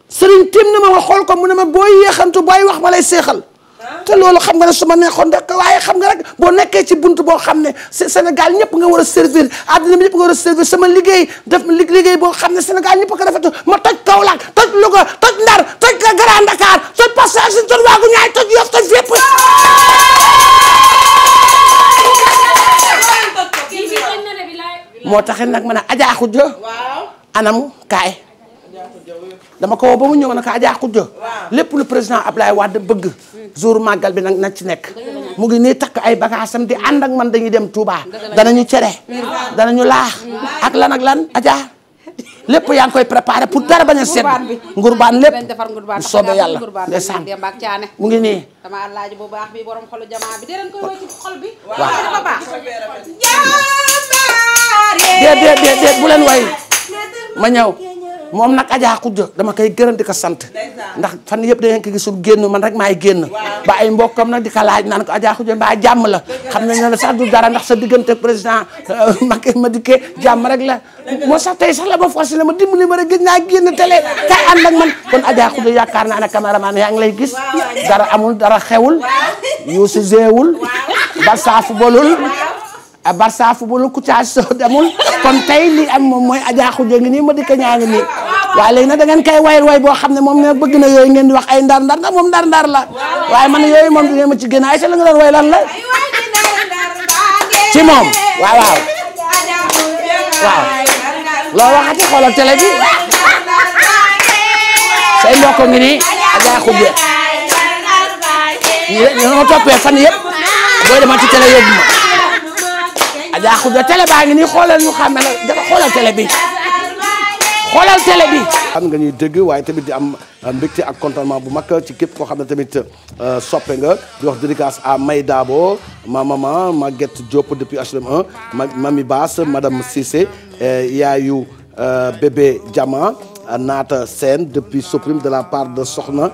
sëriñ tim na ma ma xool ko mu ne ma booy yéexantu booy wax ma lay seexal ah. te loolu xam nga ne su ma neexoon rek waaye xam nga rek boo nekkee ci buntu boo xam ne senegal ñëpp nga war a servir àddina bi ñëpp nga war a servir sama liggéey def liggéey boo xam ne Sénégal ñëpp ko rafetlu ma toj Kaolack toj Louga toj Ndar toj Grand Dakar toj Passage toj Waagu Ñaay toj Yoff toj fépp moo taxit nag ma ne Adja Khoudia anam kaay dama koo woo ba mu ñëw nag Adja Khoudia lépp lu président Ablaye Wade bëgg jour màggal bi nag na ci nekk mu ngi nii takk ay bagaasam di ànd ak man dañuy dem Touba danañu cere danañu laax ak lan ak lan Adja lépp yaa ngi koy préparé pour dara bañ a sedd ngurbaan lépp bu soobee yàlla ndeysaan mu ngi nii dama laaj bu baax bi borom xolu jamaa bi dee leen koy woo ci xol déet déet déet déet bu leen way ma ñëw moom nag Adja jo dama koy gërëm di ko sant ndax fan yëpp da ngeen ko gisul génn man rek maay génn ba ay mbokkam nag di ko laaj naan ko Adja Khoudia mbaa jàmm la xam nañ ne sax du dara ndax sa diggante président euh, Macky ma dikkee jàmm rek la moo sax tey sax la ma forcé la ma dimbali ma rek gis naa génn télé kaay ànd ak man kon Adja Khoudia yaakaar naa ne caméraman yaa ngi lay gis dara amul dara xewul yuusi zeewul ba saafu bolul Barça football Kouthia Show demul kon tey li am moom mooy Adja Khoudia ngi nii ma dikk ñaa ngi nii waaye léegi nag da ngeen koy way boo xam ne moom ne bëgg na yooyu ngeen di wax ay ndar ndar ndax moom ndar ndar la waaye man yooyu moom du ngeen ma ci génn ay sa la nga doon way lan la ci moom waaw waaw waaw loo waxati xoolal télé bi say mbokk ngi nii Adja Khoudia ñu ma toppee fan yëpp booy dama ci télé yóbbu ma Adja Khoudia télé baa ngi nii xoolal ñu xàmme la dafa xoolal télé bi nga ñuy dëgg waaye tamit di am mbégte ak contentement bu mag ci képp koo xam ne tamit euh, soppe nga di wax dédicace à May Dabo ma maman Maguette Diop depuis HLM1 ma mami Bass madame Cissé euh, yaayu euh, bébé Diama naata Sène depuis Soprim de la part de Soxna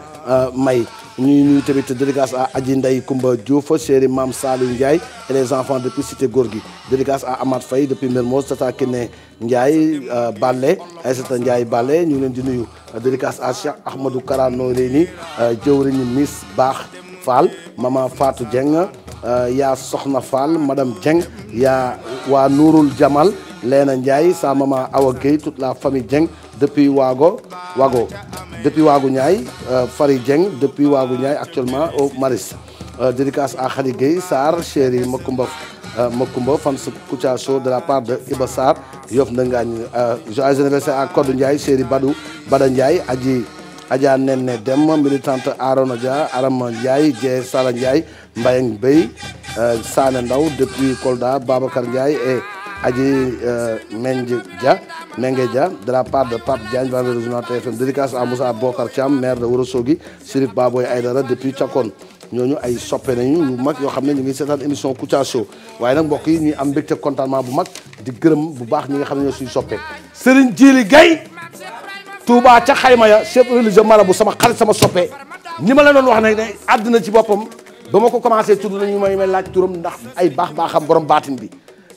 May. ñuy nuyu tamit dédicace aji Adji Ndeye Koumba Diouf chéri Mame Saliou Ndiaye les enfants depuis Cité Gorgui dédicace à Amath Faye depuis Mermoz Tata Kiné Ndiaye euh, Ballé Aïssata Ndiaye Ballé ñu ngi leen di nuyu dédicace à Cheikh Ahmadou Kara Noreyni euh, jëwriñu Miss Baax Fall maman Fatou Dieng euh, yaa Soxna Fall madame Dieng yaa waa Nourul Jamal Leena Ndiaye sa maman Awa Gueye toute la famille Dieng depuis Wago waago depuis Wagu Niaye euh, Fary Dieng depuis Wagu Niaye actuellement au Maris euh, dédicace à Khady Gueye Sarr chéri Makumba euh, Makumba fan su Kouthia Show de la part de Iba Sarr Yof Ndangaañ joyeux anniversaire à Kodou Ndiaye chéri Badou Bada Ndiaye Adji Adja Nene Dem militante Arona Dia Arama Ndiaye Dieye Sala Ndiaye Mbayang Bey Sane Ndaw depuis Kolda Babacar Ndiaye et Adji euh, Mengue Dia Mengue Dia de la part de Pape Diagne vendredi journal TFM dédicace à Moussa Bokar Thiam maire de Ourossogui Sirif Baboy Aydara depuis Thiakone ñooñu ay soppe nañu ñu mag yoo xam ne ñu ngi seetaan émission Kouthia Show waaye nag mbokk yi ñuy am mbégte contentement bu mag di gërëm bu baax ñi nga xam ne ñoo suñu soppe Serigne Djili Gaye Touba ca xayma ya chef religieux bu sama xarit sama soppe ni ma la doon wax ne ne àddina ci boppam ba ma ko commencé tudd nañu may may laaj turam ndax ay baax baaxam borom baatin bi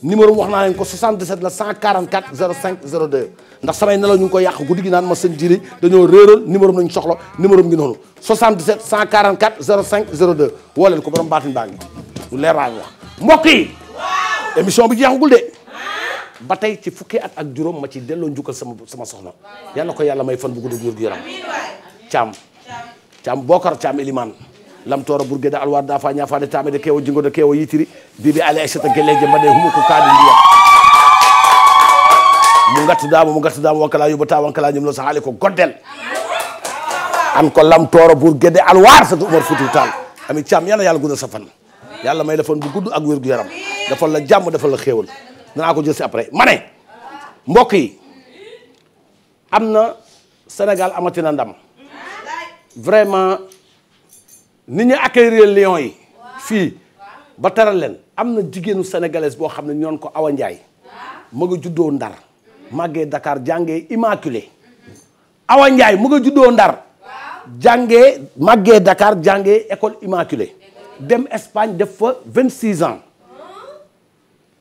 numéro wax naa leen ko 77 la 144 05 02 ndax samay nelaw ñu ngi koy yàq guddi gi naan ma sëñ Jili dañoo réeral numéro nañu soxla numéro ngi noonu 77 144 05 02 woo leen ko borom baatin baa ngi lu leer émission bi jeexagul de ba tey ci fukki at ak juróom ma ci delloo njukkal sama sama soxna yàlla ko yàlla may fan bu gudd wér gu yaram caam caam bookar caam Elimaan lamtoro ɓurgueɗe alwarda fa ñafade tamede kewo jingode kewo yitiri biɓe ala aissata guelleje mbaɗe humo ko kaani ndiya mo gattudama mo gattudama wonkala yuɓata wonkala ñumlo so haali ko goddel an ko lamtoro ɓurgueɗe alwar sata oumar fouti tal ami cam yana yallah guda safanna yo allah may lefon bu gudd ak wérgu yaram defal la jàmm defal la xéewal danaa ko jël après ma ne mbokk yi am na Sénégal amatina ndam vraiment nit ñi accueillir lion yi fii ba teral leen am na jigéenu sénégalaise boo xam ne ñoon ko Awa Ndiaye ma nga juddoo Ndar màggee dakaar jàngee Immaculée Awa Ndiaye mu nga juddoo Ndar jàngee màggee dakaar jàngee école Immaculée dem Espagne def fa vingt 26 ans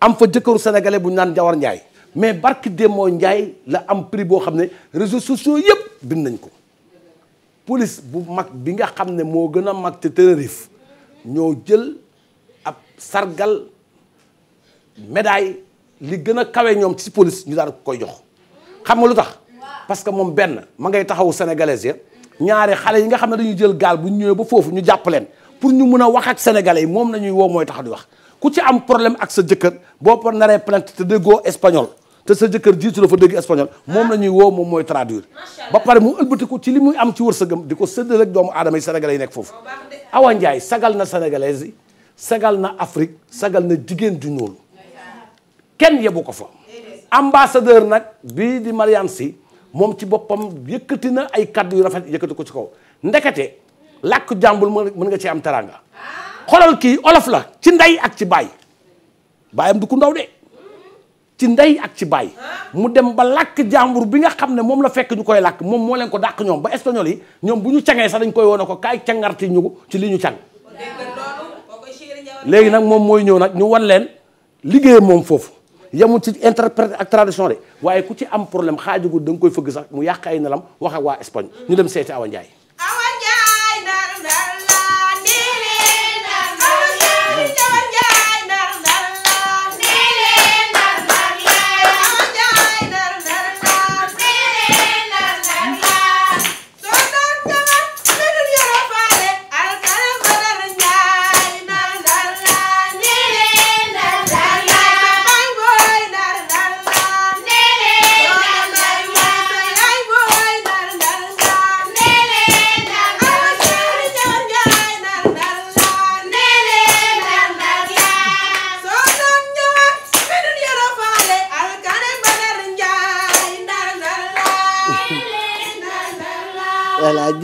am fa jëkkëru sénégalais bu ñu naan Jawar Ndiaye mais barki Demba Ndiaye la am prix boo xam ne réseau sociaux yëpp bind nañ ko. police bu mag bi nga xam ne moo gën a mag te Tenerife ñoo jël ab sargal médaille li gën a kawe ñoom ci police ñu daal koy jox xam nga lu tax parce que moom benn ma ngay taxawu sénégalais ya ñaari xale yi nga xam ne dañuy jël gaal bu ñu ñëwee ba foofu ñu jàpp leen pour ñu mun a wax ak sénégalais yi moom la ñuy woo mooy tax di wax ku ci am problème ak sa jëkkër boo par naree plainte te déggoo español te sa jëkkër jiitu la fa dégg espagnol ah. moom la ñuy woo moom mooy traduire ba pare mu ëlbati ko ci li muy am ci wërsëgam di ko séddale ak doomu aadama yi sénégalais yi nekk foofu oh, Awa Ndiaye sagal na sénégalais yi sagal na Afrique sagal na jigéen ju ñuul kenn yebu ko fa ambassadeur nag bii di Mariam Sy moom ci boppam yëkkati na ay kàddu yu rafet yëkkati ko ci kaw ndekete làkk jàmbul mën nga ci am teraanga ah. xolal kii olof la ci ndey ak ci baay baayam du ndaw de ci ndey ak ci baay mu dem ba làkk jàmbur bi nga xam ne moom la fekk ñu koy làkk moom moo leen ko dàq ñoom ba espagnol yi ñoom bu ñu cangee sax dañ koy woon ko kaay cangarti ñu ci li ñu càng léegi nag moom mooy ñëw nag ñu wan leen liggéey moom foofu yemul ci interprète ak tradition de waaye ku ci am problème xaajugu da nga koy fëgg sax mu yàq ay nelam wax ak waa Espagne ñu dem seeti Awa Ndiaye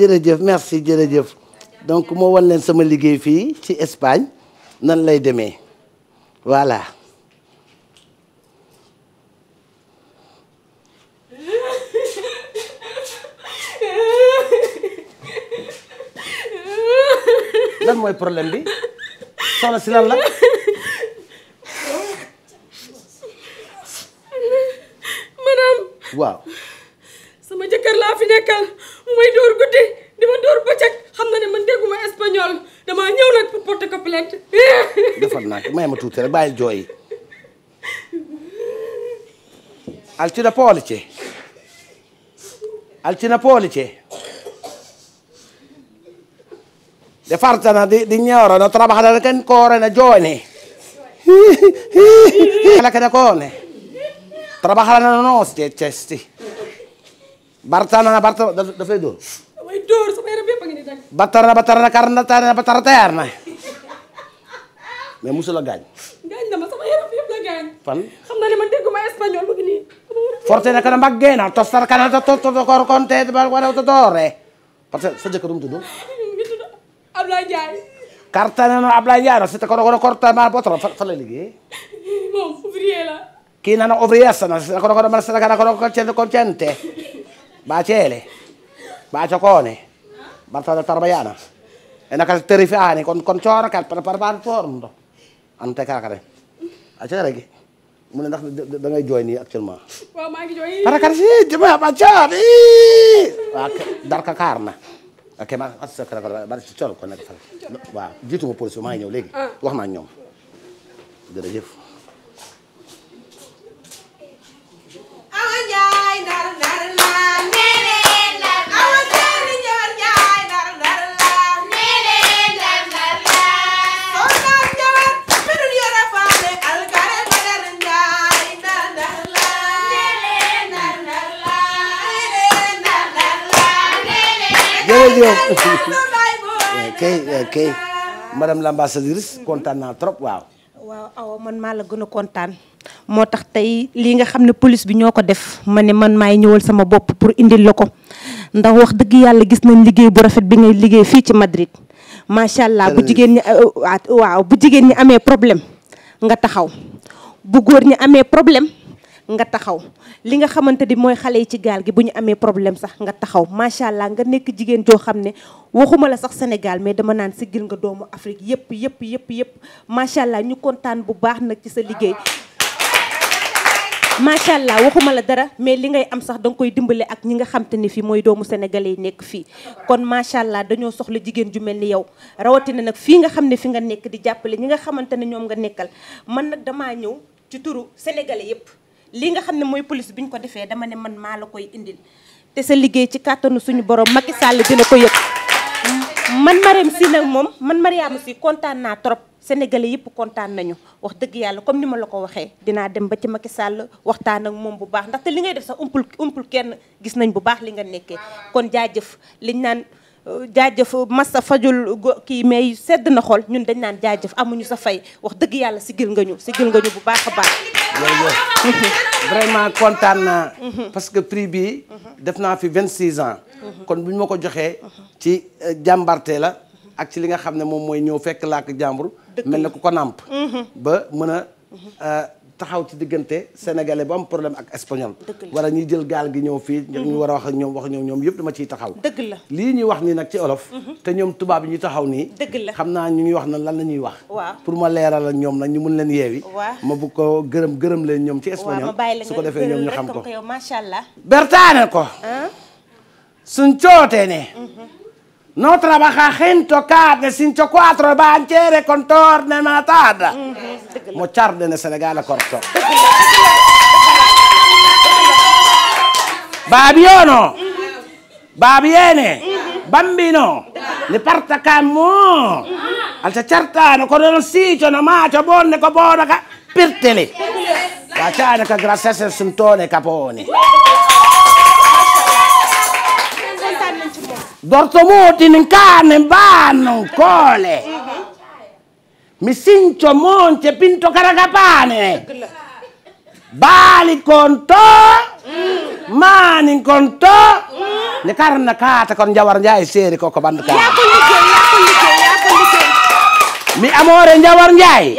jërëjëf merci jërëjëf donc moo wan leen sama liggéey fii ci Espagne nan lay demee voilà lan mooy problème bi soxna si lan la madame waaw sama jëkkër laa fi nekkal mu may dóor guddi di ma dóor bëccëg xam na ne man dégguma espagnol damaa ñëw nag pour porter ko plainte. defal naa ko may ma tuuti rek bàyyil jooy yi. altina poolice altina poolice defartana di di ñorano trabajana ken korena joone ala kene kone trabajana nonos cesti bartanana barta daf lay dóor way dóor sama yaram yëpp a ngi ni dag bartana bartana karna tana bartana tayaar na mais musu la gaañ gaañ na ma sama yaram yëpp la gaañ fan xam na ne man dégguma espagnol mu ngi nii forte na kana mbaggee na tostar kana to to to kor konte ba wala to doore parce que sa jëkkër mu tudd ngi tudd Ablaye Ndiaye kartana na Ablaye Ndiaye no c'était koro korta ma botoro fa la liggéey moom ouvrier la kii na na ouvrier sana koro koro ma sana koro koro cente baceele bacokone bartode tarbayana ena kadi teri fiani kon kon coora kadi prépare toor mum ɗo ante kala kadi a ceeregi mu ne ndax da ngay jooy nii actuellement waaw ngi jooy para kadi si jima ba coor i waaw darka kaar na ok ma asakraa bari coor ko nekk fa waaw jiituma police maa ngi ñëw léegi wax naa ñoom jërëjëf kay kay madame l'ambassadrice kontaan naa trop waaw. waaw awa man maa la gën a kontaan. moo tax tey lii nga xam ne police bi ñoo ko def ma ne man maay ñëwal sama bopp pour indil la ko ndax wax dëgg yàlla gis nañ liggéey bu rafet bi ngay liggéey fii ci Madrid macha allah bu jigéen ñi euh, waaw bu jigéen ñi amee problème nga taxaw bu góor ñi amee problème nga taxaw li nga xamante ni mooy xale yi ci gaal gi bu ñu amee problème sax nga taxaw macha allah nga nekk jigéen joo xam ne waxuma la sax Sénégal mais dama naan si gir nga doomu Afrique yëpp yëpp yëpp yëpp macha allah ñu kontaan bu baax nag ci sa liggéey. macha allah waxuma la dara mais li ngay am sax da koy dimbale ak ñi nga xam te ne fii mooy doomu sénégalais yi nekk fii kon macha allah dañoo soxla jigéen ju mel ni yow rawatina nag fii nga xam ne fi nga nekk di jàppale ñi nga xamante ne ñoom nga nekkal man nag damaa ñëw ci turu sénégalais yépp li nga xam ne mooy police bi ñu ko defee dama ne man maa la koy indil te sa liggéey ci kàttanu suñu borom Macky Sall dina ko yëg man Mariam si nag moom man Mariam si kontaan naa trop sénégalais yëpp kontaan nañu wax dëgg yàlla comme ni ma la ko waxee dinaa dem ba ci Macky sàll waxtaan ak moom bu baax ndaxte li ngay def sax umpul umpul kenn gis nañ bu baax li nga nekkee kon jaajëf liñ naan euh, jaajëf massa fajul kii mais sedd na xol ñun dañ naan jaajëf amuñu sa fay wax dëgg yàlla sigil nga ñu sigil nga ñu bu baax a baax vraiment kontaan naa mhm. parce que prix bi mhm. def naa fi vingt six ans mhm. kon bu ñu ma ko joxee ci euh, jàmbarte la ak ci li nga xam ne moom mooy ñëw fekk laak jàmbur mel na ku ko nàmp mhm. ba mën a euh, taxaw ci diggante sénégalais bu am problème ak espagnol wala ñuy jël gaal gi ñëw fii ñu mhm. war a wax ak ñoom wax ñoom ñoom yëpp dama ciy taxaw dëgg la lii ñuy wax nii nag ci olof mhm. te ñoom tubaab yi ñu taxaw nii dëgg xam naa ñu ngi wax na lan la ñuy wax waaw pour ma leeral ak ñoom nag ñu mun leen yeewi waaw ma bu ko gërëm gërëm leen ñoom ci espagnol su ko defee ñoom ñu xam ko macha allah bertaane ko suñ cootee ne No trabaja gente cadne, cinco quattro banchiere contorne matada. mu carde mm-hmm. ne Sénégal a korto baabiyoono mm-hmm. mm-hmm. bambino ne parta kammo alta cartano kono noon siicono maaco bonne ko boona ka pirtele wacaani ka grasese sumtoone kapoone dortomuutininkaane mbaannon koole mi sinco moonce pinto karakapaane baali kon to maani kaata kon jawar njaye seeri koko ɓanndu ka mi amore jawar njaye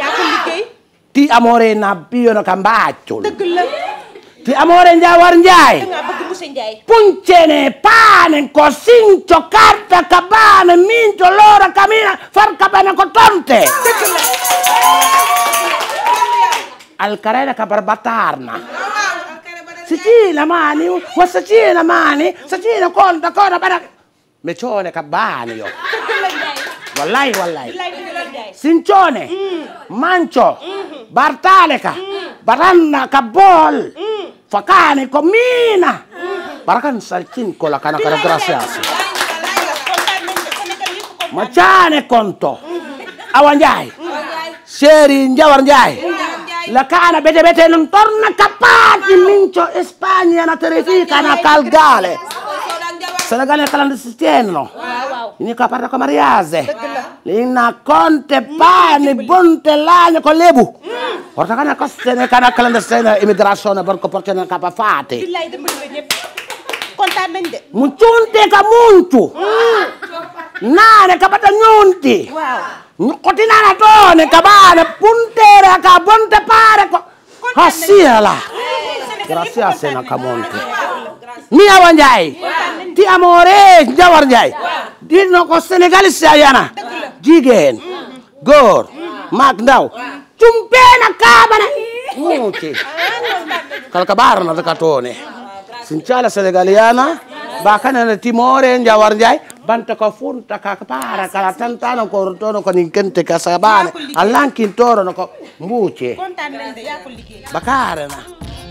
ti amore nabbiyono ka mbaccol ti amore jawar njaye punchene panen ko sinco karta ka bana minto kamina farka bana ko tonte alkarena ka barbatarna sicina mani wa sicina mani sicina konta kona bana mecione ka bani yo wallahi wallahi sincione mancio bartale ka mm. baranna ka bol mm. fakane ko mina barakan saltin kola kana kara gracias machane konto awa njay njawar njay la kana bete bete non torna capati mincho Espagne na terefi kana Calgale Senegal kala sistenno ni ka parta ko mariage lina konte pani bonte laño ko lebu horta kana ko sene kana kala stena immigration barko portene kapa fate kontaan nañ de mu cuunte ka muuncu ah. naane ka bata ñuunti ñukkutinaana toone ka baana punteera ka bonte paare ko hasiala gracias sena ka monte mi awa njaay ti amoore njawar njaay dino ko sénégaliste a yana jigéen mm. góor mm. maak ndaw cumpeena kaabana muunci ah, kalka baarana taka toone sincala sénégaliana bakanana timore jawar ndiaye banta ko funta ka para kala tantano ko rotono ko nin kente ka sabane allankintorono ko mbuuce bakarena